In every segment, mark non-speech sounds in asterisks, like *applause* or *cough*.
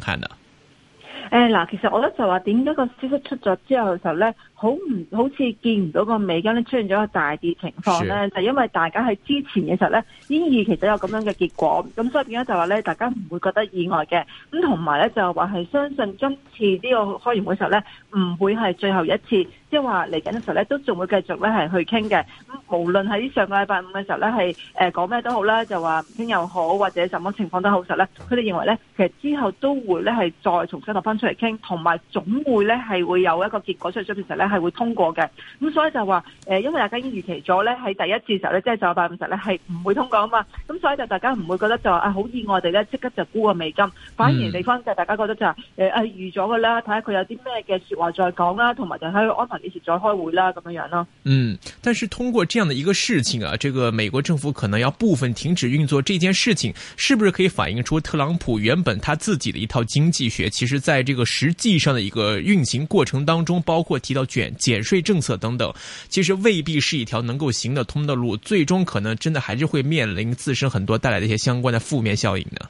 看誒嗱，其實我覺得就話，點解個消息出咗之後嘅時候咧？好唔好似見唔到個美金咧出現咗個大跌情況咧，就因為大家喺之前嘅時候咧，已預期其實有咁樣嘅結果，咁所以變咗就話咧，大家唔會覺得意外嘅。咁同埋咧就話係相信今次呢個開完會時候咧，唔會係最後一次，即係話嚟緊嘅時候咧，都仲會繼續咧係去傾嘅。咁無論喺上個禮拜五嘅時候咧，係講咩都好啦，就話傾又好，或者什麼情況都好實咧，佢哋認為咧，其實之後都會咧係再重新落翻出嚟傾，同埋總會咧係會有一個結果出嚟。係會通過嘅，咁所以就話誒，因為大家已預期咗咧，喺第一次嘅時候咧，即係九百五十咧係唔會通過啊嘛，咁所以就大家唔會覺得就話啊好意外地咧，即刻就沽啊美金，反而地方就大家覺得就係誒預咗噶啦，睇下佢有啲咩嘅說話再講啦，同埋就喺安排幾時再開會啦咁樣咯。嗯，但是通過這樣的一個事情啊，這個美國政府可能要部分停止運作，這件事情是不是可以反映出特朗普原本他自己的一套經濟學，其實在這個實際上的一個運行過程當中，包括提到卷、減稅政策等等，其實未必是一條能夠行得通的路，最終可能真的還是會面臨自身很多帶來的一些相關的負面效應呢？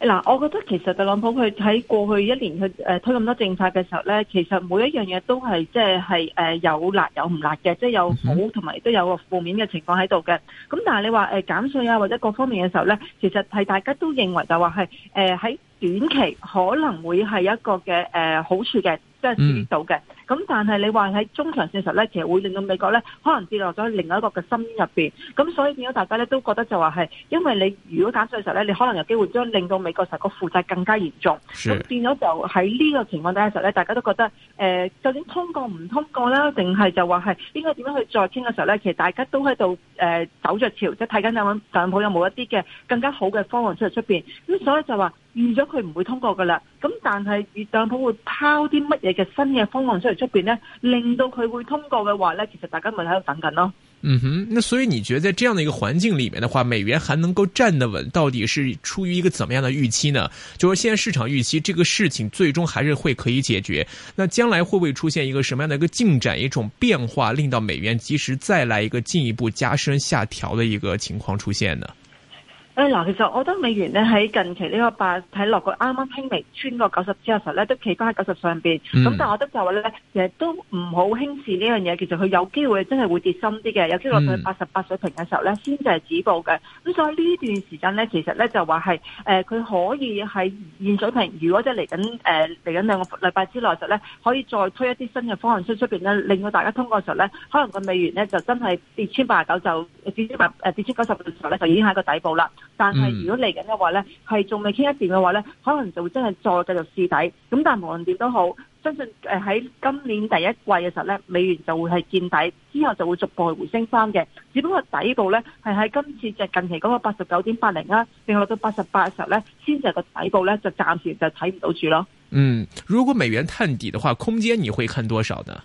嗱，我覺得其實特朗普佢喺過去一年佢誒推咁多政策嘅時候呢，其實每一樣嘢都係即係係誒有辣有唔辣嘅，即、嗯、係有好同埋都有個負面嘅情況喺度嘅。咁但係你話誒減稅啊或者各方面嘅時候呢，其實係大家都認為就話係誒喺短期可能會係一個嘅誒好處嘅，即係注意到嘅。咁但係你話喺中長線嘅時候咧，其實會令到美國咧可能跌落咗另外一個嘅心入面。咁所以變咗大家咧都覺得就話係，因為你如果減稅嘅時候咧，你可能有機會將令到美國實個負債更加嚴重，咁變咗就喺呢個情況底下時候咧，大家都覺得誒，究、呃、竟通過唔通過呢？定係就話係應該點樣去再傾嘅時候咧，其實大家都喺度誒走着潮，即係睇緊有冇有冇一啲嘅更加好嘅方案出嚟出面，咁所以就話。預咗佢唔會通過噶啦，咁但係特朗普會拋啲乜嘢嘅新嘅方案出嚟出面呢，令到佢會通過嘅話呢，其實大家咪喺度等緊咯。嗯哼，那所以你覺得在這樣的一個環境裏面的話，美元還能夠站得穩，到底是出於一個怎麼樣的預期呢？就說現在市場預期這個事情最終還是會可以解決，那將來會唔會出現一個什麼樣的一個進展，一種變化，令到美元即時再來一個進一步加深下調的一個情況出現呢？嗱，其實我覺得美元咧喺近期呢個八睇落去啱啱輕微穿過九十之後時候咧都企翻喺九十上邊。咁但係我覺得就話咧，其實都唔好輕視呢樣嘢。其實佢有機會真係會跌深啲嘅，有機會佢八十八水平嘅時候咧，先至係止步嘅。咁所以呢段時間咧，其實咧就話係誒，佢、呃、可以喺現水平。如果即係嚟緊誒嚟緊兩個禮拜之內就咧，可以再推一啲新嘅方向出出邊咧，令到大家通過嘅時候咧，可能個美元咧就真係跌穿八十九就跌穿八誒跌穿九十嘅時候咧，就已經喺個底部啦。嗯、但係如果嚟緊嘅話咧，係仲未傾一段嘅話咧，可能就會真係再繼續試底。咁但係無論點都好，相信誒喺今年第一季嘅時候咧，美元就會係見底，之後就會逐步回升翻嘅。只不過底部咧係喺今次就近期嗰個八十九點八零啦，跌落到八十八嘅時候咧，先至個底部咧，就暫時就睇唔到住咯。嗯，如果美元探底嘅話，空間你會看多少呢？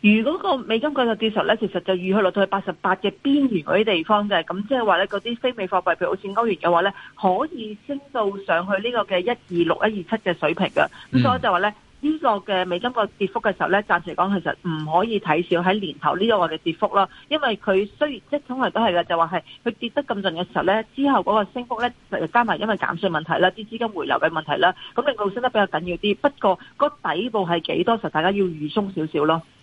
如果個美金繼續跌時候咧，其實就預去落到去八十八嘅邊緣嗰啲地方嘅，咁即係話咧嗰啲非美貨幣，譬如好似歐元嘅話咧，可以升到上去呢個嘅一二六、一二七嘅水平嘅。咁、嗯、所以就話咧，呢個嘅美金個跌幅嘅時候咧，暫時嚟講其實唔可以睇小喺年頭呢個嘅跌幅啦。因為佢雖然即係通常都係嘅，就話係佢跌得咁盡嘅時候咧，之後嗰個升幅咧，加埋因為減稅問題啦、啲資金回流嘅問題啦，咁令到升得比較緊要啲。不過個底部係幾多，實大家要預鬆少少咯。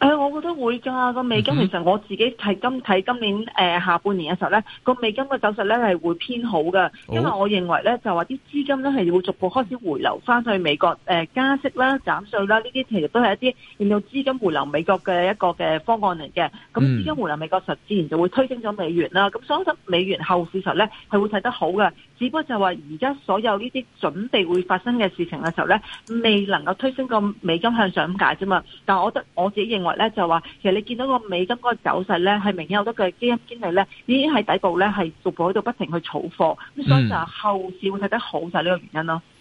誒，我覺得會㗎個美金。其實我自己睇今睇今年下半年嘅時候咧，個美金嘅走勢咧係會偏好嘅，因為我認為咧就話啲資金咧係會逐步開始回流翻去美國誒加息啦、減稅啦呢啲，其實都係一啲令到資金回流美國嘅一個嘅方案嚟嘅。咁資金回流美國實自然就會推升咗美元啦。咁所以其實美元後市實咧係會睇得好嘅。只不過就話而家所有呢啲準備會發生嘅事情嘅時候呢，未能夠推升個美金向上咁解啫嘛。但係我覺得我自己認為呢，就話其實你見到個美金嗰個走勢呢，係明顯有得個基金經理呢已經喺底部呢，係逐步喺度不停去儲貨，咁所以就後市會睇得好就係呢個原因咯。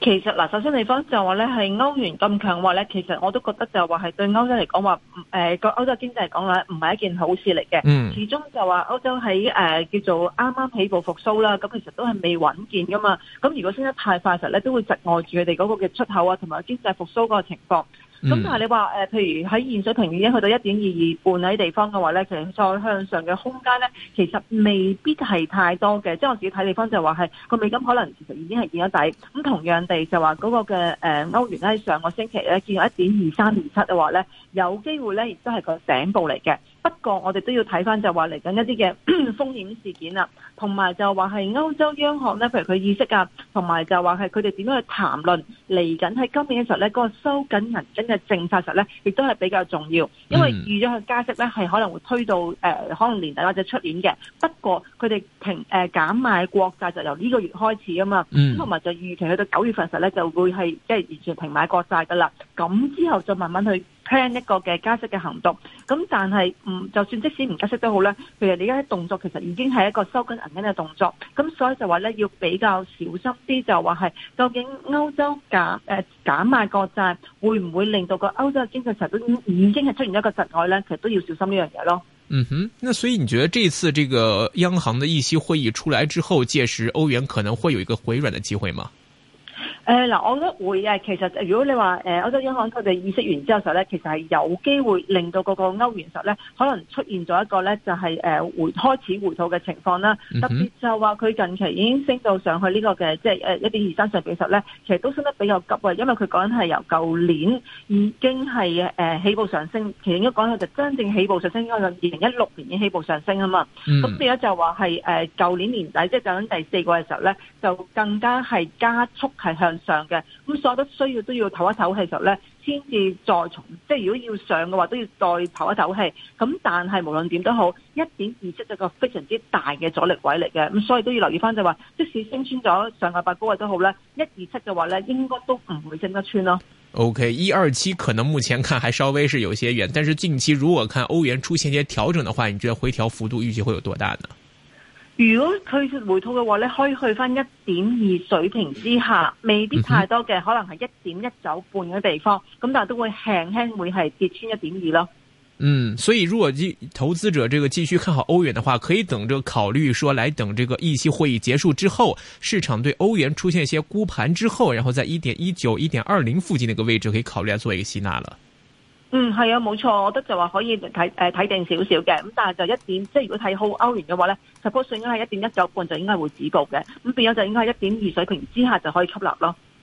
其實嗱，首先地方就話咧，係歐元咁強嘅話咧，其實我都覺得就話係對歐洲嚟講話，誒個歐洲經濟嚟講咧，唔係一件好事嚟嘅，嗯。始終就話歐洲喺誒叫做啱啱起步復甦啦，咁其實都係未穩健噶嘛。咁如果升得太快實咧，都會窒礙住佢哋嗰個嘅出口啊，同埋經濟復甦個情況。咁、嗯、但係你話誒，譬如喺現水平原已經去到一點二二半喺地方嘅話咧，其實再向上嘅空間咧，其實未必係太多嘅。即、就、係、是、我自己睇地方就話係個美金可能其實已經係見咗底。咁同樣地就話嗰、那個嘅誒歐元咧，上個星期咧見咗一點二三二七嘅話咧，有機會咧亦都係個頂部嚟嘅。不過我哋都要睇翻就話嚟緊一啲嘅 *coughs* 風險事件啦，同埋就話係歐洲央行咧，譬如佢意識啊，同埋就話係佢哋點樣去談論嚟緊喺今年嘅時候咧，嗰、那個收緊銀根嘅政策實咧，亦都係比較重要，因為預咗佢加息咧係可能會推到誒、呃、可能年底或者出年嘅。不過佢哋平誒減、呃、買國債就由呢個月開始啊嘛，同、嗯、埋就預期去到九月份實咧就會係即係完全停買國債噶啦，咁之後再慢慢去。聽一個嘅加息嘅行動，咁但係唔就算即使唔加息都好啦。其實你而家啲動作其實已經係一個收緊銀根嘅動作，咁所以就話咧要比較小心啲，就話係究竟歐洲減誒減賣國債會唔會令到個歐洲嘅經濟實都已經係出現一個窒礙咧？其實都要小心呢樣嘢咯。嗯哼，那所以你覺得這次這個央行嘅議息會議出來之後，屆時歐元可能會有一個回軟嘅機會嗎？誒、呃、嗱，我覺得會啊。其實如果你話誒、呃、歐洲央行佢哋議息完之後時候咧，其實係有機會令到嗰個歐元實咧，可能出現咗一個咧就係誒回開始回吐嘅情況啦。嗯、特別就話佢近期已經升到上去呢、這個嘅即係一點二三上比實咧，其實都升得比較急啊。因為佢講係由舊年已經係、呃、起步上升，其實應該講係就是真正起步上升應該有二零一六年已經起步上升啊嘛。咁變咗就話係誒舊年年底即係就響第四季嘅時候咧，就更加係加速係向上嘅。咁所有都需要都要唞一唞氣嘅時候咧，先至再重。即係如果要上嘅話，都要再唞一唞氣。咁但係無論點都好，一點二七就個非常之大嘅阻力位嚟嘅，咁所以都要留意返就話，即使升穿咗上下八高位都好咧，一二七嘅話咧，應該都唔會升得穿咯。OK，一二七可能目前看還稍微是有些遠，但是近期如果看歐元出現一啲調整嘅話，你覺得回調幅度預計會有多大呢？如果佢回吐嘅話呢，可以去返一點二水平之下，未必太多嘅，可能係一點一九半嘅地方，咁但係都會輕輕會係跌穿一點二咯。嗯，所以如果投資者這個繼續看好歐元嘅話，可以等着考慮說來等這個議息會議結束之後，市場對歐元出現一些沽盤之後，然後在一點一九、一點二零附近那個位置可以考慮來做一個吸納了。嗯，係啊，冇錯，我覺得就話可以睇，誒、呃、睇定少少嘅，咁但係就一點，即係如果睇好歐元嘅話咧，support 線應該係一點一九半就應該會止步嘅，咁變咗就應該係一點二水平之下就可以吸納咯。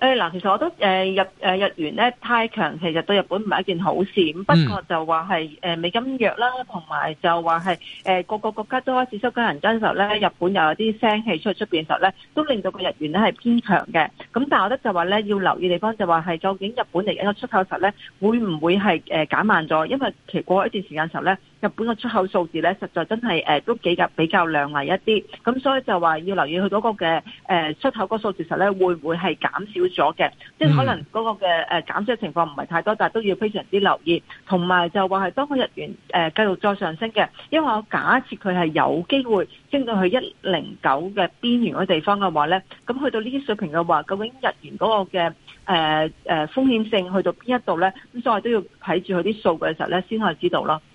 誒嗱，其實我覺得誒日誒日元咧太強，其實對日本唔係一件好事。咁、嗯、不過就話係誒美金弱啦，同埋就話係誒各個國家都開始收緊銀根，時候咧，日本又有啲聲氣出去出邊時候咧，都令到個日元咧係偏強嘅。咁但係我覺得就話咧要留意地方就話係究竟日本嚟緊個出口實咧會唔會係誒減慢咗？因為其過一段時間時候咧。日本嘅出口數字咧，實在真係誒都幾較比較亮麗一啲，咁所以就話要留意佢嗰個嘅誒出口個數字，實咧會唔會係減少咗嘅？即係可能嗰個嘅誒減少嘅情況唔係太多，但係都要非常之留意。同埋就話係，當佢日元誒繼續再上升嘅，因為我假設佢係有機會升到去一零九嘅邊緣嗰地方嘅話咧，咁去到呢啲水平嘅話，究竟日元嗰個嘅誒誒風險性去到邊一度咧？咁所以都要睇住佢啲數據嘅時候咧，先可以知道咯。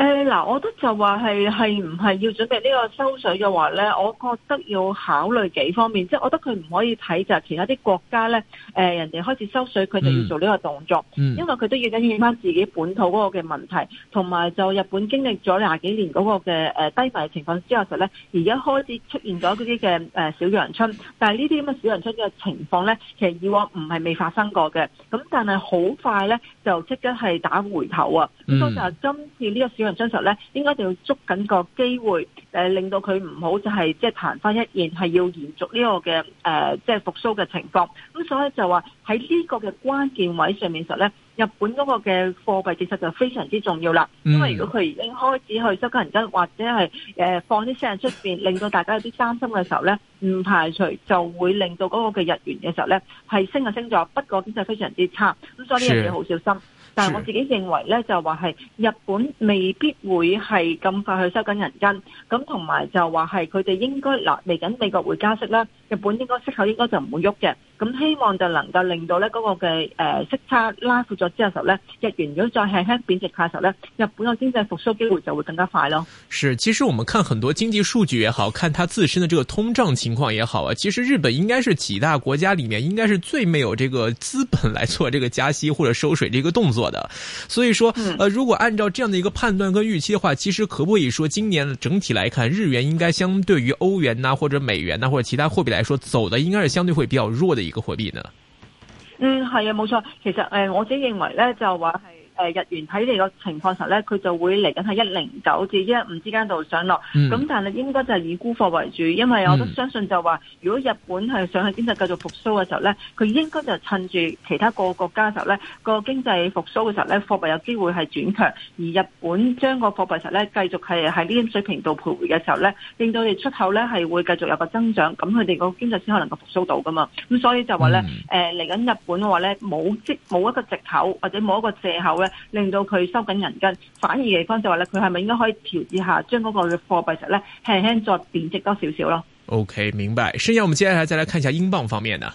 誒、呃、嗱，我覺得就話係係唔係要準備呢個收水嘅話咧，我覺得要考慮幾方面，即、就、係、是、我覺得佢唔可以睇就係其他啲國家咧、呃，人哋開始收水，佢就要做呢個動作，嗯嗯、因為佢都要緊要翻自己本土嗰個嘅問題，同埋就日本經歷咗廿幾年嗰個嘅低迷情況之後實咧，而家開始出現咗嗰啲嘅小陽春，但係呢啲咁嘅小陽春嘅情況咧，其實以往唔係未發生過嘅，咁但係好快咧就即刻係打回頭啊，咁、嗯、就係今次呢個小真實咧，應該就要捉緊個機會，誒，令到佢唔好就係即係曇花一現，係要延續呢個嘅誒，即係復甦嘅情況。咁所以就話喺呢個嘅關鍵位上面實咧，日本嗰個嘅貨幣政策就非常之重要啦。因為如果佢已經開始去收緊金，或者係誒、呃、放啲聲出邊，令到大家有啲擔心嘅時候咧，唔排除就會令到嗰個嘅日元嘅時候咧係升啊升咗，不過經濟非常之差。咁所以呢樣嘢好小心。但我自己認為咧，就話係日本未必會係咁快去收緊銀根，咁同埋就話係佢哋應該嗱嚟緊美國會加息啦。日本應該息口應該就唔會喐嘅，咁希望就能夠令到呢嗰、那個嘅誒、呃、息差拉闊咗之後嘅時候咧，日元如果再輕輕貶值嘅時候呢，日本嘅經濟復甦機會就會更加快咯。是，其實我們看很多經濟數據也好看它自身的這個通脹情況也好啊，其實日本應該是幾大國家裡面應該是最沒有這個資本來做這個加息或者收水呢個動作的，所以說、嗯，呃，如果按照這樣的一個判斷跟預期嘅話，其實可不可以說今年整體來看，日元應該相對於歐元啊或者美元啊或者其他貨幣嚟，來說，走的應該是相對會比較弱的一個貨幣呢。嗯，係啊，冇錯。其實誒、呃，我自己認為咧，就話係。誒日元喺你個情況時候咧，佢就會嚟緊喺一零九至一一五之間度上落。咁、嗯、但係應該就係以沽貨為主，因為我都相信就話，如果日本係想喺經濟繼續復甦嘅時候咧，佢應該就趁住其他各個國家嘅時候咧，個經濟復甦嘅時候咧，貨幣有機會係轉強。而日本將個貨幣實咧繼續係喺呢啲水平度徘徊嘅時候咧，令到你出口咧係會繼續有個增長，咁佢哋個經濟先可能夠復甦到噶嘛。咁所以就話咧，誒嚟緊日本嘅話咧，冇即冇一個藉口或者冇一個藉口咧。令到佢收緊銀根，反而嘅地方就話咧，佢係咪應該可以調節下，將嗰個嘅貨幣值咧輕輕再貶值多少少咯？OK，明白。剩下我們接下來再來看一下英鎊方面呢。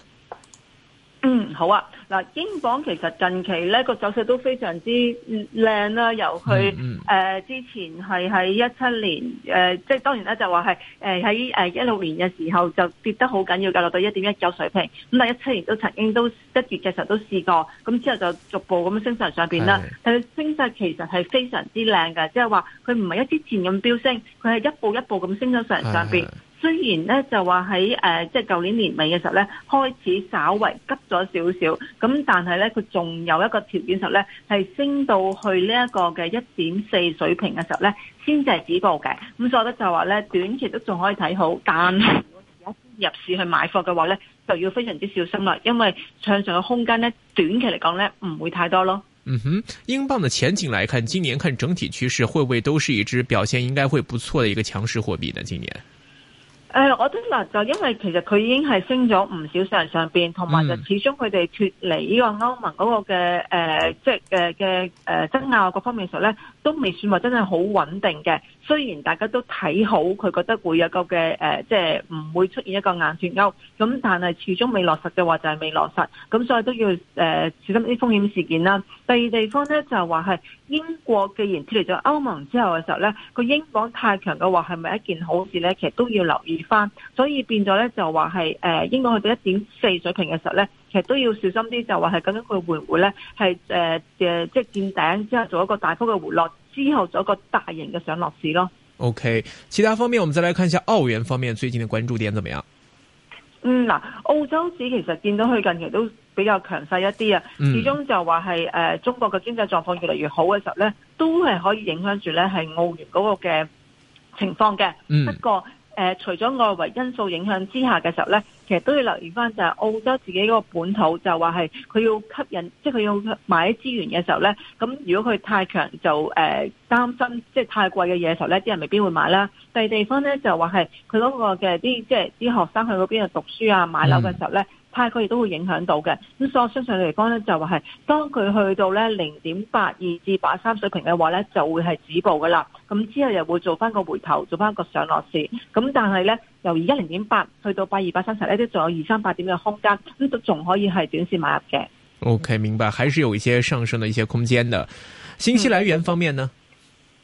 嗯，好啊。嗱，英鎊其實近期咧個走勢都非常之靚啦、啊，由佢誒、嗯嗯呃、之前係喺一七年誒、呃，即係當然呢就話係誒喺誒一六年嘅時候就跌得好緊要噶，落到一點一九水平。咁但一七年都曾經都一月嘅時候都試過，咁之後就逐步咁升上上邊啦。但係升勢其實係非常之靚嘅，即係話佢唔係一之前咁飆升，佢係一步一步咁升上上邊。雖然咧就話喺誒即係舊年年尾嘅時候咧開始稍為急咗少少，咁但係咧佢仲有一個條件時候咧係升到去呢一個嘅一點四水平嘅時候咧先至係止步嘅。咁所以我覺得就話咧短期都仲可以睇好，但係如果入市去買貨嘅話咧就要非常之小心啦，因為向上嘅空間咧短期嚟講咧唔會太多咯。嗯哼，英鎊嘅前景嚟看，今年看整體趨勢，會唔會都是一支表現應該會不錯嘅一個強勢貨幣呢？今年？誒、呃，我覺得啦，就因為其實佢已經係升咗唔少上上邊，同埋就始終佢哋脫離呢個歐盟嗰、那個嘅誒、呃，即係誒嘅誒爭拗各方面上咧，都未算話真係好穩定嘅。雖然大家都睇好，佢覺得會有個嘅誒、呃，即係唔會出現一個硬脫歐，咁但係始終未落實嘅話就係未落實，咁所以都要誒、呃、小心啲風險事件啦。第二地方咧就係話係英國既然脫離咗歐盟之後嘅時候咧，佢英鎊太強嘅話係咪一件好事咧？其實都要留意。翻，所以變咗咧就話係誒，應該去到一點四水平嘅時候咧，其實都要小心啲，呃呃，就話係究竟佢會唔會咧係誒嘅即係見頂之後做一個大幅嘅回落，之後做一個大型嘅上落市咯。OK，其他方面，我們再來看一下澳元方面最近嘅關注點怎麼樣。嗯，嗱、呃，澳洲市其實見到佢近期都比較強勢一啲啊，始終就話係誒，中國嘅經濟狀況越嚟越好嘅時候咧，都係可以影響住咧係澳元嗰個嘅情況嘅。不、嗯、過。誒、呃、除咗外圍因素影響之下嘅時候咧，其實都要留意翻就係澳洲自己嗰個本土，就話係佢要吸引，即係佢要買啲資源嘅時候咧，咁如果佢太強就呃、擔心，即係太貴嘅嘢時候咧，啲人未必會買啦。第二地方咧就話係佢嗰個嘅啲即係啲學生去嗰邊讀書啊買樓嘅時候咧。嗯佢亦都會影響到嘅，咁所以我相信嚟講咧就話、是、係當佢去到咧零點八二至八三水平嘅話咧，就會係止步噶啦，咁之後又會做翻個回頭，做翻一個上落市，咁但係咧由而家零點八去到八二八三十咧，都仲有二三八點嘅空間，咁都仲可以係短線買入嘅。O、okay, K，明白，還是有一些上升嘅一些空間的。新西蘭元方面呢？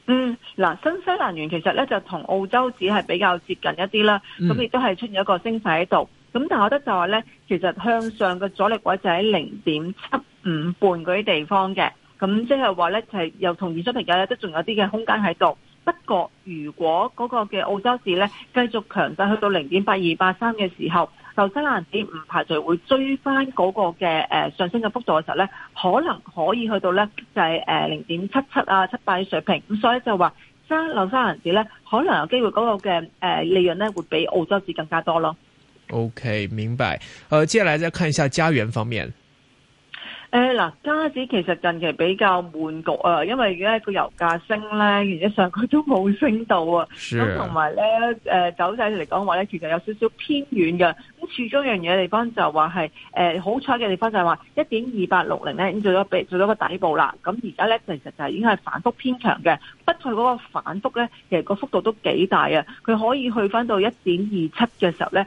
嗯，嗱、嗯，新西蘭元其實咧就同澳洲紙係比較接近一啲啦，咁、嗯、亦都係出現一個升勢喺度。咁但係我覺得就話咧，其實向上嘅阻力位就喺零點七五半嗰啲地方嘅，咁即係話咧就係、就是、又同現水平價咧，都仲有啲嘅空間喺度。不過如果嗰個嘅澳洲市咧繼續強勢去到零點八二八三嘅時候，紐西蘭市唔排除會追翻嗰個嘅誒上升嘅幅度嘅時候咧，可能可以去到咧就係誒零點七七啊七八嘅水平。咁所以就話新紐西蘭市咧，可能有機會嗰個嘅誒利潤咧會比澳洲市更加多咯。OK，明白。呃，接下來再看一下加元方面。誒，嗱，加紙其實近期比較悶局啊，因為而家個油價升咧，原則上佢都冇升到啊。咁同埋咧，誒、呃，走勢嚟講話咧，其實有少少偏遠嘅。咁，其中一樣嘢地方就話係，誒、呃，好彩嘅地方就係話，一點二八六零咧，已經做咗比做咗個底部啦。咁而家咧，其實就係已經係反覆偏強嘅。不過嗰個反覆咧，其實個幅度都幾大啊。佢可以去返到一點二七嘅時候咧。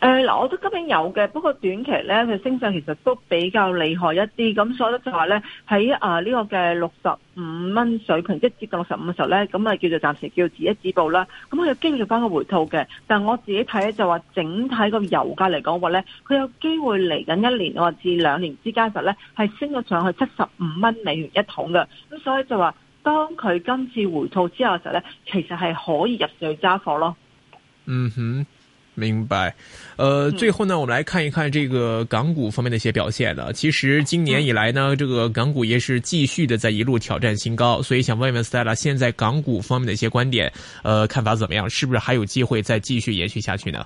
誒，嗱，我都今年有嘅，不過短期咧，佢升上其實都比較厲害一啲，咁所以咧就話咧喺啊呢個嘅六十五蚊水平，即接近六十五嘅時候咧，咁啊叫做暫時叫止一止步啦，咁佢又經歷翻個回吐嘅，但係我自己睇咧就話整體個油價嚟講話咧，佢有機會嚟緊一年或至兩年之間實咧係升咗上去七十五蚊美元一桶嘅，咁所以就話當佢今次回吐之後嘅時候咧，其實係可以入去揸貨咯。嗯哼。明白，呃，最後呢，我們來看一看這個港股方面的一些表現了。其實今年以來呢，這個港股也是繼續的在一路挑戰新高，所以想問一問 Stella，現在港股方面的一些觀點，呃，看法怎麼樣？是不是還有機會再繼續延續下去呢？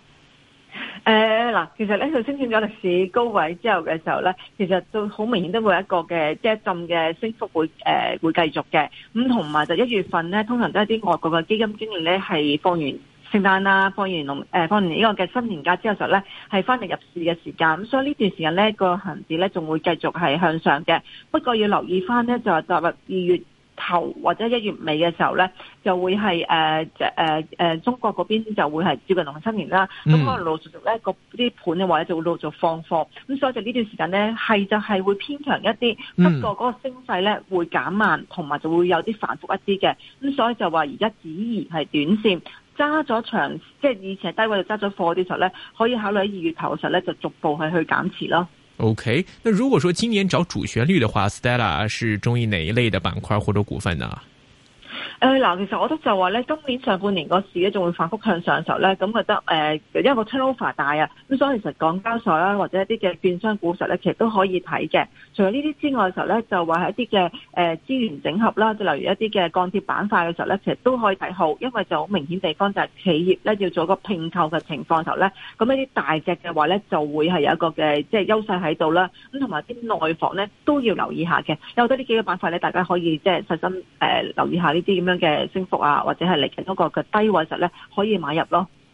呃嗱，其實呢，就升穿咗歷史高位之後嘅時候呢，其實都好明顯都會有一個嘅即係一陣嘅升幅會誒、呃、會繼續嘅，咁同埋就一月份呢，通常都係啲外國嘅基金經理呢係放完。是方圓聖誕啦，放完農誒、呃，放完呢個嘅新年假之後呢，就咧係翻嚟入市嘅時間。咁所以呢段時間咧個恒指咧仲會繼續係向上嘅。不過要留意翻咧，就係踏入二月頭或者一月尾嘅時候咧，就會係誒誒誒，中國嗰邊就會係接近農曆新年啦。咁可能陸陸續續咧個啲盤啊，或者就會陸續放貨。咁所以就呢段時間咧係就係會偏強一啲，不過嗰個升勢咧會減慢，同埋就會有啲反覆一啲嘅。咁所以就話而家只宜係短線。揸咗長，即係以前係低位就揸咗貨啲時候咧，可以考慮喺二月頭嘅時候咧，就逐步係去減持咯。OK，那如果說今年找主旋律嘅話，Stella 是中意哪一類嘅板塊或者股份呢？誒嗱，其實我都就話咧，今年上半年個市咧仲會反覆向上嘅時候咧，咁覺得誒一個 turnover 大啊，咁所以其實港交所啦或者一啲嘅券商股實咧，其實都可以睇嘅。除咗呢啲之外嘅時候咧，就話係一啲嘅資源整合啦，即係例如一啲嘅鋼鐵板塊嘅時候咧，其實都可以睇好，因為就好明顯地方就係企業咧要做個併購嘅情況時候咧，咁呢啲大隻嘅話咧就會係有一個嘅即係優勢喺度啦。咁同埋啲內房咧都要留意下嘅，有得呢幾個板塊咧，大家可以即係細心誒留意下呢啲。點樣嘅升幅啊，或者係嚟緊嗰個嘅低位實咧，可以買入咯。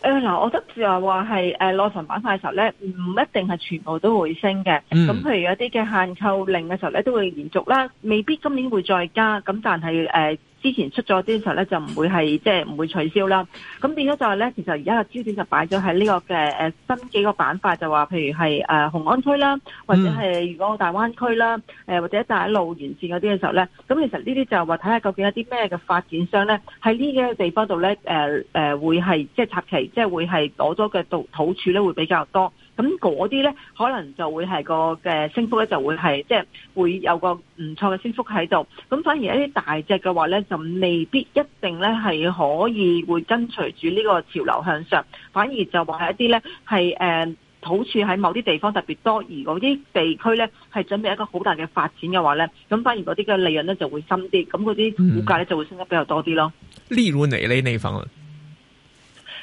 誒，嗱，我覺得就係話係誒，內、呃、房板塊嘅時候咧，唔唔一定係全部都會升嘅。咁、嗯、譬如，有啲嘅限購令嘅時候咧，都會延續啦，未必今年會再加。咁但係，誒。呃之前出咗啲嘅時候咧，就唔會係即係唔會取消啦。咁變咗就係咧，其實而家嘅焦點就擺咗喺呢個嘅新幾個板塊，就話譬如係紅、呃、安區啦，或者係粵港澳大灣區啦，或者大陸沿線嗰啲嘅時候咧，咁其實呢啲就話睇下究竟有啲咩嘅發展商咧，喺呢幾個地方度咧、呃呃、會係即係插旗，即、就、係、是、會係攞咗嘅土土處咧會比較多。咁嗰啲咧，可能就會係個嘅升幅咧，就會係即係會有個唔錯嘅升幅喺度。咁反而一啲大隻嘅話咧，就未必一定咧係可以會跟隨住呢個潮流向上。反而就話係一啲咧係誒好處喺某啲地方特別多，而嗰啲地區咧係準備一個好大嘅發展嘅話咧，咁反而嗰啲嘅利潤咧就會深啲，咁嗰啲股價咧就會升得比較多啲咯。例如哪呢那方？這個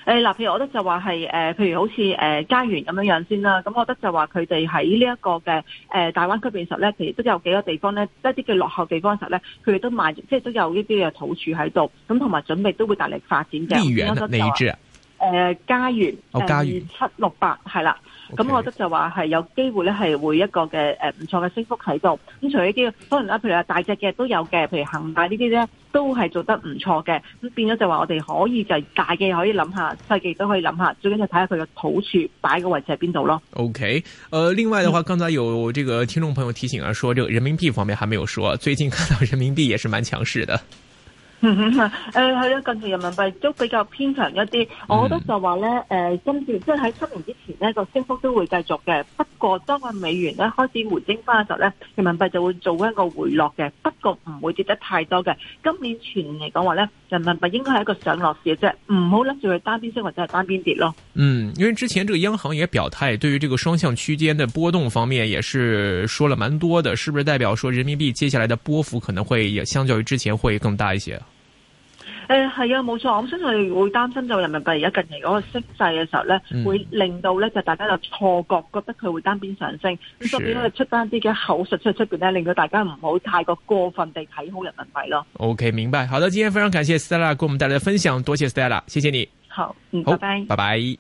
誒，嗱，譬如我覺得、呃、就話係，誒、呃，譬如好似誒嘉園咁樣樣先啦，咁我覺得就話佢哋喺呢一個嘅誒大灣區入邊實咧，其實都有幾個地方咧，一啲嘅落後地方嘅時候咧，佢哋都賣，即係都有呢啲嘅土儲喺度，咁同埋準備都會大力發展嘅。邊樣？哪支啊？誒嘉園，誒二、哦嗯、七六八，係啦。咁、okay. 嗯，我覺得就話係有機會咧，係會一個嘅、誒唔錯嘅升幅喺度。咁、嗯、除咗呢啲，可能咧，譬如大隻嘅都有嘅，譬如恒大呢啲咧，都係做得唔錯嘅。咁變咗就話，我哋可以就大嘅可以諗下，細嘅都可以諗下，最緊要睇下佢嘅好處擺個位置喺邊度咯。O K，誒，另外嘅話，剛才有這個聽眾朋友提醒啊，說、嗯，這個人民幣方面還沒有說，最近看到人民幣也是蠻強勢的。 *noise* 嗯、誒係啦，近期人民幣都比較偏強一啲，我覺得就話咧，誒跟住即係喺七年之前呢個升幅都會繼續嘅。不過當個美元咧開始回升翻嘅時候咧，人民幣就會做一個回落嘅，不過唔會跌得太多嘅。今年全年嚟講話咧，人民幣應該係一個上落市嘅啫，唔好諗住去單邊升或者係單邊跌咯。嗯，因為之前這個央行也表態，對於這個雙向區間的波動方面，也是說了蠻多的，是不是代表說人民幣接下來的波幅可能會相較於之前會更大一些？嗯誒，係啊，冇錯，我相信會擔心就人民幣而家近期嗰個升勢嘅時候咧，嗯，會令到咧就大家就錯覺，覺得佢會單邊上升，咁所以咧出翻啲嘅口述出出邊咧，令到大家唔好太過過分地睇好人民幣咯。OK，明白。好的，今天非常感謝 Stella 給我們帶來嘅分享，多謝 Stella，謝謝你。好，好，拜拜。拜拜。